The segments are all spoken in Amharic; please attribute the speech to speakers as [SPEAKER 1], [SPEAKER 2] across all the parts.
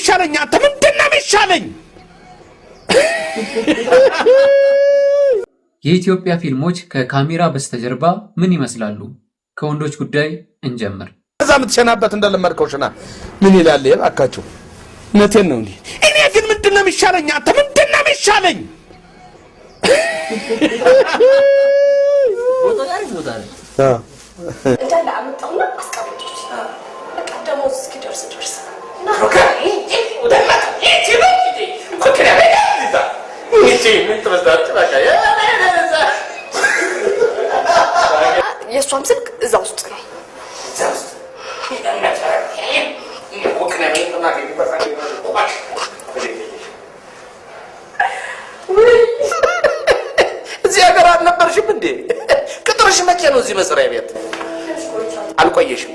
[SPEAKER 1] የሚሻለኝ? አንተ ምንድን ነው የሚሻለኝ?
[SPEAKER 2] የኢትዮጵያ ፊልሞች ከካሜራ በስተጀርባ ምን ይመስላሉ? ከወንዶች ጉዳይ እንጀምር።
[SPEAKER 1] ከዛ የምትሸናበት እንደለመድከው ሽና። ምን ይላል እባካችሁ? እውነቴን ነው። እንዲህ እኔ ግን ምንድን ነው የሚሻለኝ? አንተ ምንድን ነው የሚሻለኝ?
[SPEAKER 3] እንዳለ አመጣውና አስቀምጦት ደግሞ እስኪደርስ ደርስ የእሷም ስልክ እዛ ውስጥ ነው።
[SPEAKER 1] እዚህ ሀገር አልነበርሽም እንዴ? ቅጥርሽ መቼ ነው? እዚህ መስሪያ ቤት አልቆየሽም?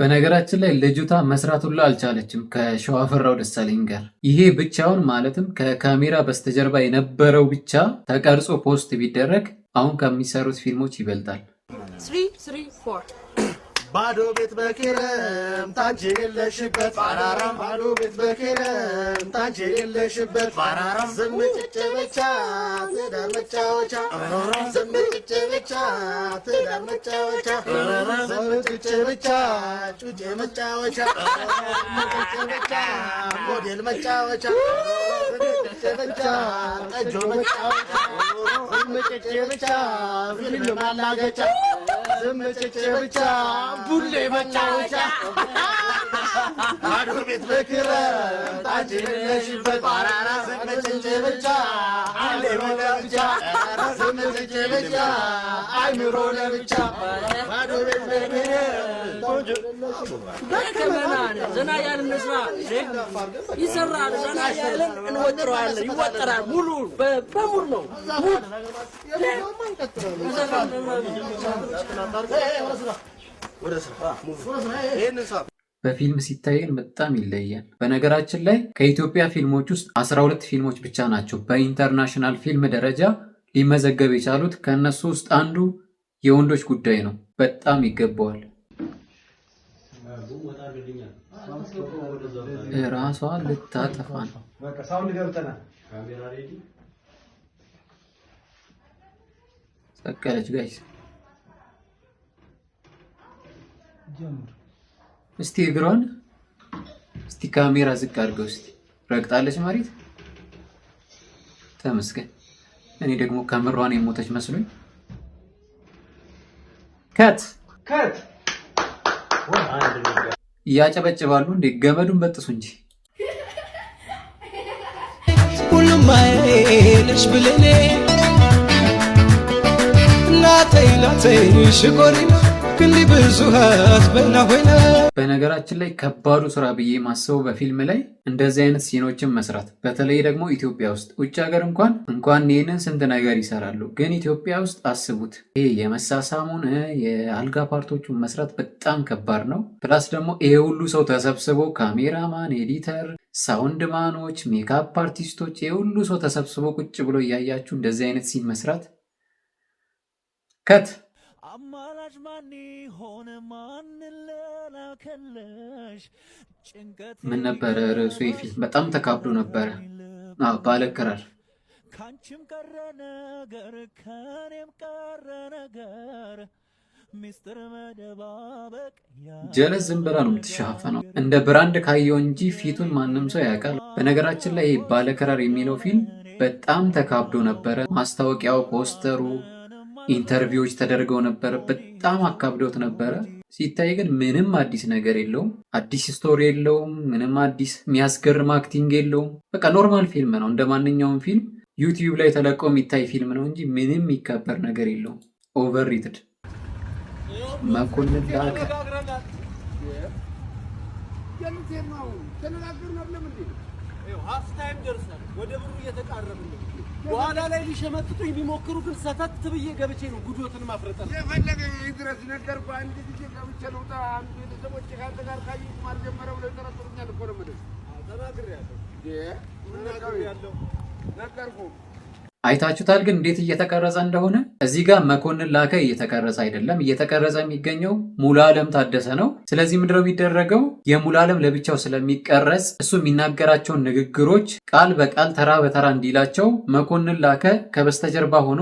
[SPEAKER 2] በነገራችን ላይ ልጅቷ መስራት ሁሉ አልቻለችም ከሸዋፈራው ደሳለኝ ጋር። ይሄ ብቻውን ማለትም ከካሜራ በስተጀርባ የነበረው ብቻ ተቀርጾ ፖስት ቢደረግ አሁን ከሚሰሩት ፊልሞች ይበልጣል።
[SPEAKER 4] ባዶ ቤት በኪረም አንቺ የሌለሽበት ባራራም ባዶ ቤት በኪረም አንቺ የሌለሽበት ባራራም ዝም ጭጭ ብቻ ትዳር መጫወቻ ዝም ጭጭ ብቻ ትዳር መጫወቻ ዝም ጭጭ ብቻ ጩጭ መጫወቻ ጭጭ ብቻ ሞዴል መጫወቻ ብቻ ጠጆ መጫወቻ ዝም ጭጭ ብቻ ፊልም ማላገጫ ዝም ብቻ ቡሌ
[SPEAKER 2] መጫወቻ ማዶ ቤት በክረምት አንቺ ነሽበት ባራራ ስምጭንጭ ብቻ አሌ ወደ ብቻ ብቻ አይምሮ ለብቻ ማዶ ቤት በክረምት ደከመናል። ዘና ያልን እንስራ ይሰራል። ዘና ያልን እንወጥረዋለን። ይወጠራል። ሙሉ በሙሉ ነው ወደ ስራ ይህንን ሰዓት በፊልም ሲታየን በጣም ይለያል። በነገራችን ላይ ከኢትዮጵያ ፊልሞች ውስጥ 12 ፊልሞች ብቻ ናቸው በኢንተርናሽናል ፊልም ደረጃ ሊመዘገብ የቻሉት። ከእነሱ ውስጥ አንዱ የወንዶች ጉዳይ ነው። በጣም ይገባዋል።
[SPEAKER 5] ራሷ ልታጠፋ ነው። ሰቀለች ጋይስ እስቲ እግሯን እስቲ ካሜራ ዝቅ አድርገው እስቲ ረግጣለች መሬት። ተመስገን። እኔ ደግሞ ከምሯን የሞተች መስሎኝ ከት ከት እያጨበጭባሉ እንዴ! ገመዱን በጥሱ እንጂ ሁሉም ማየልሽ ብለኔ
[SPEAKER 2] ላተይ ላተይ ሽኮሪና ክንድ ብዙሃት በና ሆይነ በነገራችን ላይ ከባዱ ስራ ብዬ ማስበው በፊልም ላይ እንደዚህ አይነት ሲኖችን መስራት፣ በተለይ ደግሞ ኢትዮጵያ ውስጥ ውጭ ሀገር እንኳን እንኳን ይህንን ስንት ነገር ይሰራሉ፣ ግን ኢትዮጵያ ውስጥ አስቡት። ይሄ የመሳሳሙን የአልጋ ፓርቶቹን መስራት በጣም ከባድ ነው። ፕላስ ደግሞ ይሄ ሁሉ ሰው ተሰብስቦ ካሜራማን፣ ኤዲተር፣ ሳውንድ ማኖች፣ ሜካፕ አርቲስቶች፣ ይሄ ሁሉ ሰው ተሰብስቦ ቁጭ ብሎ እያያችሁ እንደዚህ አይነት ሲን መስራት ከት ወዳጅ ማን ማን ለላከለሽ ምን ነበረ ርዕሱ? የፊት በጣም ተካብዶ ነበረ። ባለ ካንቺም ቀረ ነገር ከኔም ቀረ ነገር ሚስጥር መደባበቅ ጀለስ ዝም ብላ ነው የምትሸፋፈነው። እንደ ብራንድ ካየው እንጂ ፊቱን ማንም ሰው ያውቃል። በነገራችን ላይ ባለክራር የሚለው ፊልም በጣም ተካብዶ ነበረ። ማስታወቂያው፣ ፖስተሩ ኢንተርቪዎች ተደርገው ነበረ። በጣም አካብደውት ነበረ። ሲታይ ግን ምንም አዲስ ነገር የለውም። አዲስ ስቶሪ የለውም። ምንም አዲስ የሚያስገርም አክቲንግ የለውም። በቃ ኖርማል ፊልም ነው፣ እንደ ማንኛውም ፊልም ዩቲዩብ ላይ ተለቆ የሚታይ ፊልም ነው እንጂ ምንም የሚከበር ነገር የለውም። ኦቨርሬትድ መኮንን ላከ ነው ሀፍ ታይም ደርሰን ወደ ብሩ እየተቃረብን በኋላ ላይ ሊሸመጥጡኝ ቢሞክሩ ግን ሰተት ብዬ ገብቼ ነው ጉዶትን ማፍረጠ ነው የፈለገ ድረስ ነገር በአንድ ጊዜ ገብቼ ልውጣ። አንድ ቤተሰቦች ከአንተ ጋር ካዩ አልጀመረ ብለው ይጠረጥሩኛል እኮ ነው የምልህ። ተናግሬያለሁ፣ ተናግሬያለሁ ነገርኩህ። አይታችሁታል ግን እንዴት እየተቀረጸ እንደሆነ። እዚህ ጋር መኮንን ላከ እየተቀረጸ አይደለም፣ እየተቀረጸ የሚገኘው ሙሉዓለም ታደሰ ነው። ስለዚህ ምድረው የሚደረገው? የሙሉዓለም ለብቻው ስለሚቀረጽ እሱ የሚናገራቸውን ንግግሮች ቃል በቃል ተራ በተራ እንዲላቸው መኮንን ላከ ከበስተጀርባ ሆኖ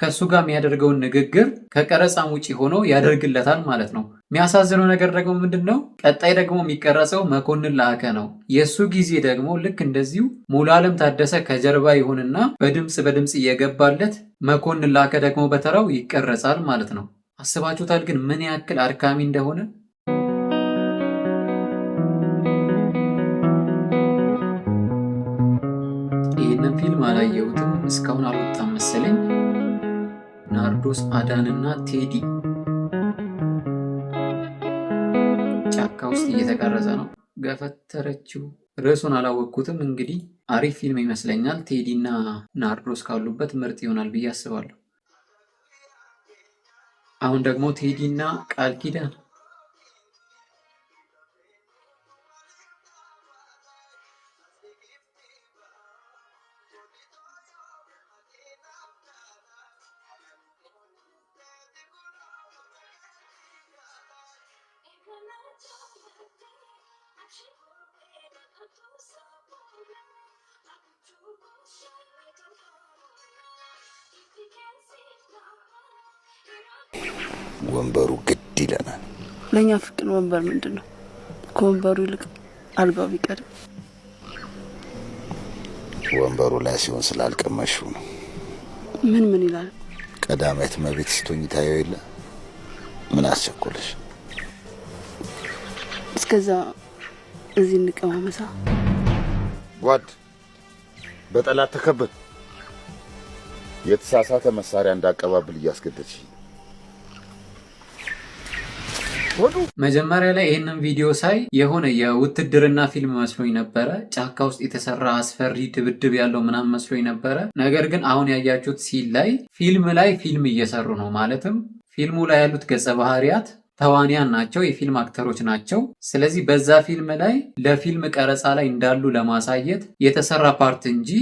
[SPEAKER 2] ከእሱ ጋር የሚያደርገውን ንግግር ከቀረጻም ውጭ ሆኖ ያደርግለታል ማለት ነው። የሚያሳዝነው ነገር ደግሞ ምንድን ነው? ቀጣይ ደግሞ የሚቀረጸው መኮንን ለአከ ነው። የእሱ ጊዜ ደግሞ ልክ እንደዚሁ ሙሉ አለም ታደሰ ከጀርባ ይሆንና በድምፅ በድምፅ እየገባለት መኮንን ላአከ ደግሞ በተራው ይቀረጻል ማለት ነው። አስባችሁታል ግን ምን ያክል አድካሚ እንደሆነ ይህንን ፊልም አላየሁትም እስካሁን አልወጣም መሰለኝ። ናርዶስ አዳንና ቴዲ ጫካ ውስጥ እየተቀረጸ ነው። ገፈተረችው። ርዕሱን አላወቅኩትም። እንግዲህ አሪፍ ፊልም ይመስለኛል። ቴዲ እና ናርዶስ ካሉበት ምርጥ ይሆናል ብዬ አስባለሁ። አሁን ደግሞ ቴዲ እና ቃል ኪዳን
[SPEAKER 6] ለእኛ ፍቅር ወንበር ምንድን ነው? ከወንበሩ ይልቅ አልጋው ቢቀድም።
[SPEAKER 7] ወንበሩ ላይ ሲሆን ስላልቀመሹ ነው። ምን ምን ይላል? ቀዳማዊት እመቤት ስትሆኚ ታየው የለ። ምን አስቸኮለሽ?
[SPEAKER 6] እስከዛ እዚህ እንቀማመሳ።
[SPEAKER 7] ጓድ በጠላት ተከበል የተሳሳተ መሳሪያ እንዳቀባብል እያስገደች
[SPEAKER 2] መጀመሪያ ላይ ይህንን ቪዲዮ ሳይ የሆነ የውትድርና ፊልም መስሎኝ ነበረ። ጫካ ውስጥ የተሰራ አስፈሪ ድብድብ ያለው ምናምን መስሎኝ ነበረ። ነገር ግን አሁን ያያችሁት ሲል ላይ ፊልም ላይ ፊልም እየሰሩ ነው። ማለትም ፊልሙ ላይ ያሉት ገጸ ባህሪያት ተዋንያን ናቸው፣ የፊልም አክተሮች ናቸው። ስለዚህ በዛ ፊልም ላይ ለፊልም ቀረጻ ላይ እንዳሉ ለማሳየት የተሰራ ፓርት እንጂ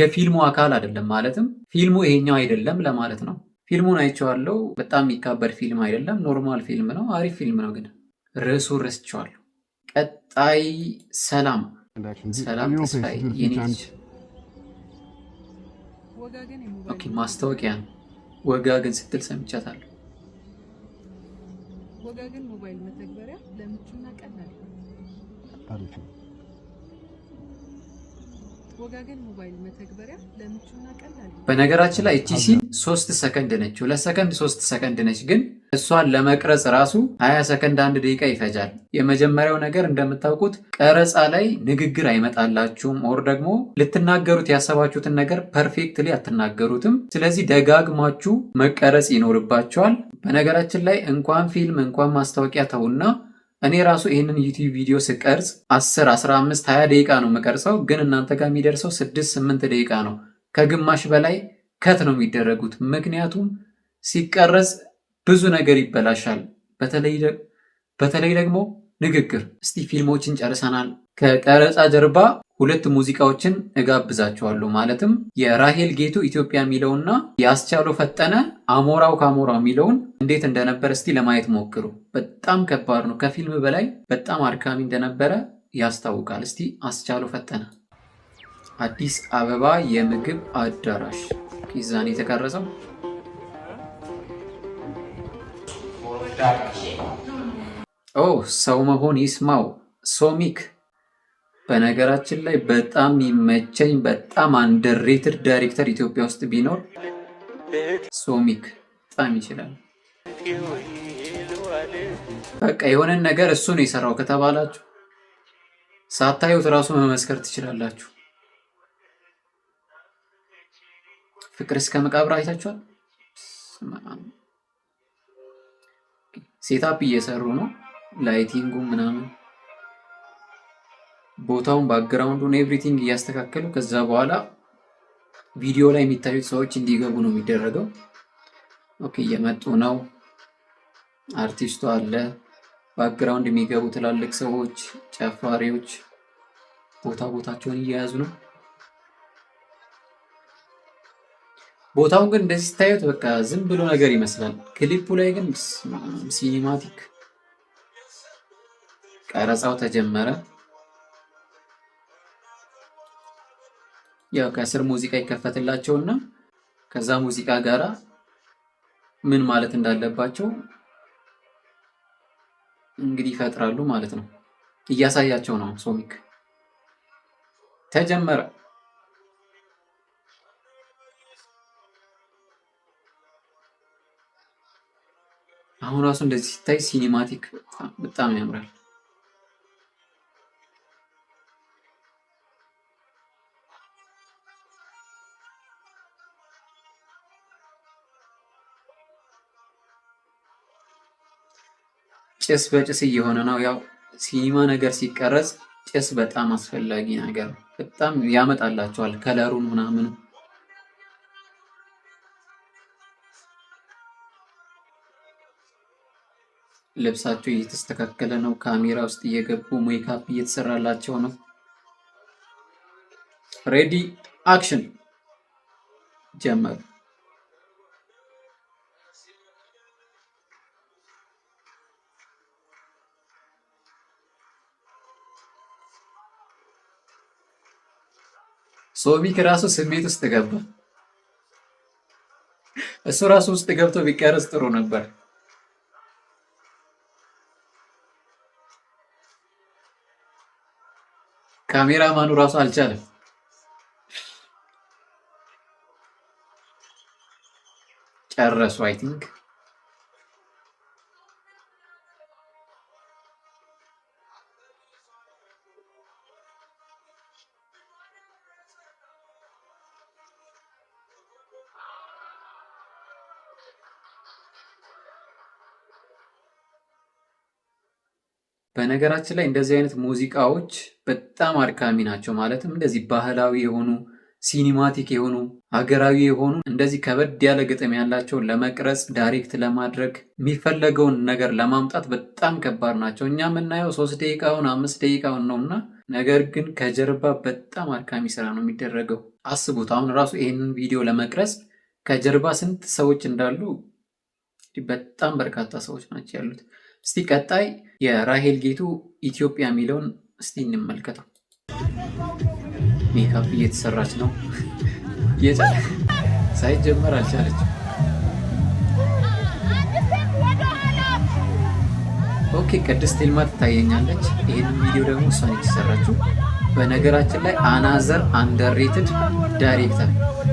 [SPEAKER 2] የፊልሙ አካል አይደለም። ማለትም ፊልሙ ይሄኛው አይደለም ለማለት ነው። ፊልሙን አይቼዋለሁ። በጣም የሚካበድ ፊልም አይደለም፣ ኖርማል ፊልም ነው። አሪፍ ፊልም ነው፣ ግን ርዕሱ ረስቼዋለሁ። ቀጣይ ሰላም ሰላም ተስፋዬ ማስታወቂያ ነው። ወጋገን ስትል ሰምቻታለሁ። ወጋገን ሞባይል መተግበሪያ ለምቹና ቀላል በነገራችን ላይ እቺ ሶስት ሰከንድ ነች። ሁለት ሰከንድ ሶስት ሰከንድ ነች፣ ግን እሷን ለመቅረጽ ራሱ 20 ሰከንድ አንድ ደቂቃ ይፈጃል። የመጀመሪያው ነገር እንደምታውቁት ቀረጻ ላይ ንግግር አይመጣላችሁም፣ ኦር ደግሞ ልትናገሩት ያሰባችሁትን ነገር ፐርፌክትሊ አትናገሩትም። ስለዚህ ደጋግማችሁ መቀረጽ ይኖርባቸዋል በነገራችን ላይ እንኳን ፊልም እንኳን ማስታወቂያ ተውና እኔ ራሱ ይህንን ዩቲዩብ ቪዲዮ ስቀርጽ 10፣ 15፣ 20 ደቂቃ ነው የምቀርጸው፣ ግን እናንተ ጋር የሚደርሰው 6፣ 8 ደቂቃ ነው። ከግማሽ በላይ ከት ነው የሚደረጉት። ምክንያቱም ሲቀረጽ ብዙ ነገር ይበላሻል። በተለይ ደግሞ ንግግር። እስቲ ፊልሞችን ጨርሰናል። ከቀረጻ ጀርባ ሁለት ሙዚቃዎችን እጋብዛችኋለሁ። ማለትም የራሄል ጌቱ ኢትዮጵያ የሚለውና የአስቻለው ፈጠነ አሞራው ከአሞራው የሚለውን እንዴት እንደነበረ እስቲ ለማየት ሞክሩ። በጣም ከባድ ነው። ከፊልም በላይ በጣም አድካሚ እንደነበረ ያስታውቃል። እስቲ አስቻለው ፈጠነ አዲስ አበባ የምግብ አዳራሽ ኪዛን የተቀረጸው ኦ ሰው መሆን ይስማው ሶሚክ በነገራችን ላይ በጣም የሚመቸኝ በጣም አንደሬትድ ዳይሬክተር ኢትዮጵያ ውስጥ ቢኖር ሶሚክ በጣም ይችላል። በቃ የሆነን ነገር እሱ ነው የሰራው ከተባላችሁ ሳታዩት እራሱ መመስከር ትችላላችሁ። ፍቅር እስከ መቃብር አይታችኋል። ሴታፕ እየሰሩ ነው ላይቲንጉ ምናምን ቦታውን ባክግራውንዱን ኤቭሪቲንግ እያስተካከሉ ከዛ በኋላ ቪዲዮ ላይ የሚታዩት ሰዎች እንዲገቡ ነው የሚደረገው። ኦኬ እየመጡ ነው። አርቲስቱ አለ፣ ባክግራውንድ የሚገቡ ትላልቅ ሰዎች፣ ጨፋሪዎች ቦታ ቦታቸውን እየያዙ ነው። ቦታውን ግን እንደዚህ ስታዩት በቃ ዝም ብሎ ነገር ይመስላል። ክሊፑ ላይ ግን ሲኒማቲክ ቀረጻው ተጀመረ። ያው ከስር ሙዚቃ ይከፈትላቸውና ከዛ ሙዚቃ ጋራ ምን ማለት እንዳለባቸው እንግዲህ ይፈጥራሉ ማለት ነው። እያሳያቸው ነው። ሶሚክ ተጀመረ። አሁን ራሱ እንደዚህ ሲታይ ሲኒማቲክ በጣም ያምራል። ጭስ በጭስ እየሆነ ነው። ያው ሲኒማ ነገር ሲቀረጽ ጭስ በጣም አስፈላጊ ነገር በጣም ያመጣላቸዋል ከለሩን ምናምን ልብሳቸው እየተስተካከለ ነው። ካሜራ ውስጥ እየገቡ ሜካፕ እየተሰራላቸው ነው። ሬዲ አክሽን ጀመሩ። ሶቢክ ራሱ ስሜት ውስጥ ገባ። እሱ ራሱ ውስጥ ገብቶ ቢቀርጽ ጥሩ ነበር። ካሜራማኑ ራሱ አልቻለም። ጨረሱ አይ ቲንክ በነገራችን ላይ እንደዚህ አይነት ሙዚቃዎች በጣም አድካሚ ናቸው። ማለትም እንደዚህ ባህላዊ የሆኑ ሲኒማቲክ የሆኑ አገራዊ የሆኑ እንደዚህ ከበድ ያለ ግጥም ያላቸው ለመቅረጽ ዳይሬክት ለማድረግ የሚፈለገውን ነገር ለማምጣት በጣም ከባድ ናቸው። እኛ የምናየው ሶስት ደቂቃውን አምስት ደቂቃውን ነው እና ነገር ግን ከጀርባ በጣም አድካሚ ስራ ነው የሚደረገው። አስቡት አሁን ራሱ ይህንን ቪዲዮ ለመቅረጽ ከጀርባ ስንት ሰዎች እንዳሉ በጣም በርካታ ሰዎች ናቸው ያሉት። እስቲ ቀጣይ የራሄል ጌቱ ኢትዮጵያ የሚለውን እስቲ እንመልከተው። ሜካፕ እየተሰራች ነው። ሳይጀመር አልቻለች። ኦኬ ቅድስት ልማ ትታየኛለች። ይህን ቪዲዮ ደግሞ እሷን የተሰራችው። በነገራችን ላይ አናዘር አንደርሬትድ ዳይሬክተር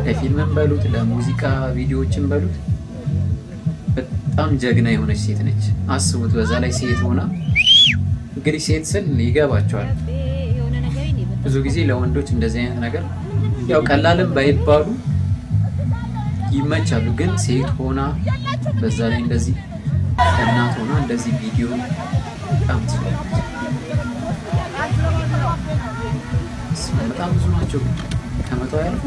[SPEAKER 2] ለፊልምን በሉት ለሙዚቃ ቪዲዮዎችን በሉት በጣም ጀግና የሆነች ሴት ነች። አስቡት፣ በዛ ላይ ሴት ሆና እንግዲህ ሴት ስል ይገባቸዋል። ብዙ ጊዜ ለወንዶች እንደዚህ አይነት ነገር ያው ቀላልም ባይባሉ ይመቻሉ። ግን ሴት ሆና በዛ ላይ እንደዚህ እናት ሆና እንደዚህ ቪዲዮ በጣም በጣም ብዙ ናቸው ከመቶ ያልፉ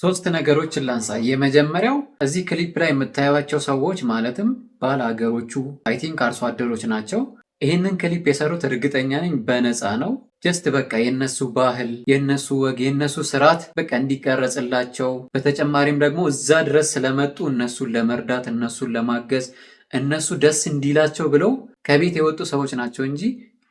[SPEAKER 2] ሶስት ነገሮችን ላንሳ። የመጀመሪያው እዚህ ክሊፕ ላይ የምታዩቸው ሰዎች ማለትም ባለ ሀገሮቹ አይ ቲንክ አርሶ አደሮች ናቸው። ይህንን ክሊፕ የሰሩት እርግጠኛ ነኝ በነፃ ነው። ጀስት በቃ የነሱ ባህል የነሱ ወግ የነሱ ስርዓት በቃ እንዲቀረጽላቸው በተጨማሪም ደግሞ እዛ ድረስ ስለመጡ እነሱን ለመርዳት እነሱን ለማገዝ እነሱ ደስ እንዲላቸው ብለው ከቤት የወጡ ሰዎች ናቸው እንጂ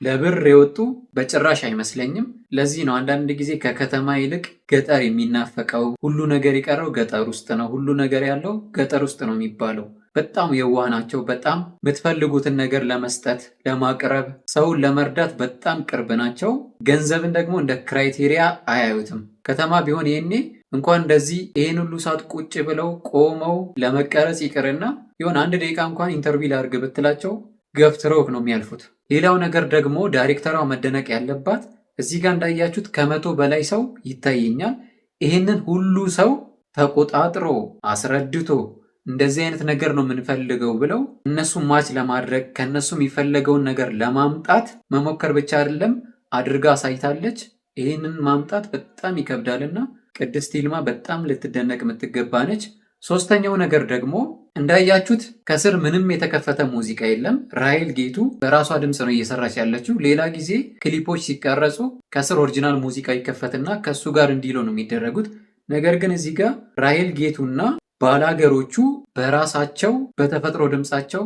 [SPEAKER 2] ለብር የወጡ በጭራሽ አይመስለኝም። ለዚህ ነው አንዳንድ ጊዜ ከከተማ ይልቅ ገጠር የሚናፈቀው። ሁሉ ነገር የቀረው ገጠር ውስጥ ነው፣ ሁሉ ነገር ያለው ገጠር ውስጥ ነው የሚባለው። በጣም የዋህ ናቸው። በጣም የምትፈልጉትን ነገር ለመስጠት ለማቅረብ፣ ሰውን ለመርዳት በጣም ቅርብ ናቸው። ገንዘብን ደግሞ እንደ ክራይቴሪያ አያዩትም። ከተማ ቢሆን ይህኔ እንኳን እንደዚህ ይህን ሁሉ ሰዓት ቁጭ ብለው ቆመው ለመቀረጽ ይቅርና የሆነ አንድ ደቂቃ እንኳን ኢንተርቪው ላድርግ ብትላቸው ገፍትረውክ ነው የሚያልፉት። ሌላው ነገር ደግሞ ዳይሬክተሯ መደነቅ ያለባት እዚህ ጋር እንዳያችሁት ከመቶ በላይ ሰው ይታየኛል። ይህንን ሁሉ ሰው ተቆጣጥሮ አስረድቶ እንደዚህ አይነት ነገር ነው የምንፈልገው ብለው እነሱ ማች ለማድረግ ከእነሱ የሚፈለገውን ነገር ለማምጣት መሞከር ብቻ አይደለም አድርጋ አሳይታለች። ይህንን ማምጣት በጣም ይከብዳልና ቅድስት ይልማ በጣም ልትደነቅ የምትገባ ነች። ሶስተኛው ነገር ደግሞ እንዳያችሁት ከስር ምንም የተከፈተ ሙዚቃ የለም። ራሄል ጌቱ በራሷ ድምፅ ነው እየሰራች ያለችው። ሌላ ጊዜ ክሊፖች ሲቀረጹ ከስር ኦሪጂናል ሙዚቃ ይከፈትና ከሱ ጋር እንዲለው ነው የሚደረጉት። ነገር ግን እዚህ ጋር ራሄል ጌቱና ባላገሮቹ በራሳቸው በተፈጥሮ ድምፃቸው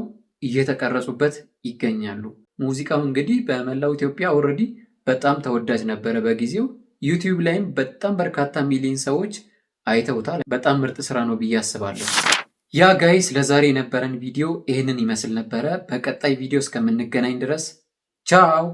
[SPEAKER 2] እየተቀረጹበት ይገኛሉ። ሙዚቃው እንግዲህ በመላው ኢትዮጵያ ኦልሬዲ በጣም ተወዳጅ ነበረ በጊዜው። ዩቲዩብ ላይም በጣም በርካታ ሚሊዮን ሰዎች አይተውታል። በጣም ምርጥ ስራ ነው ብዬ አስባለሁ። ያ ጋይስ ለዛሬ የነበረን ቪዲዮ ይህንን ይመስል ነበረ። በቀጣይ ቪዲዮ እስከምንገናኝ ድረስ ቻው።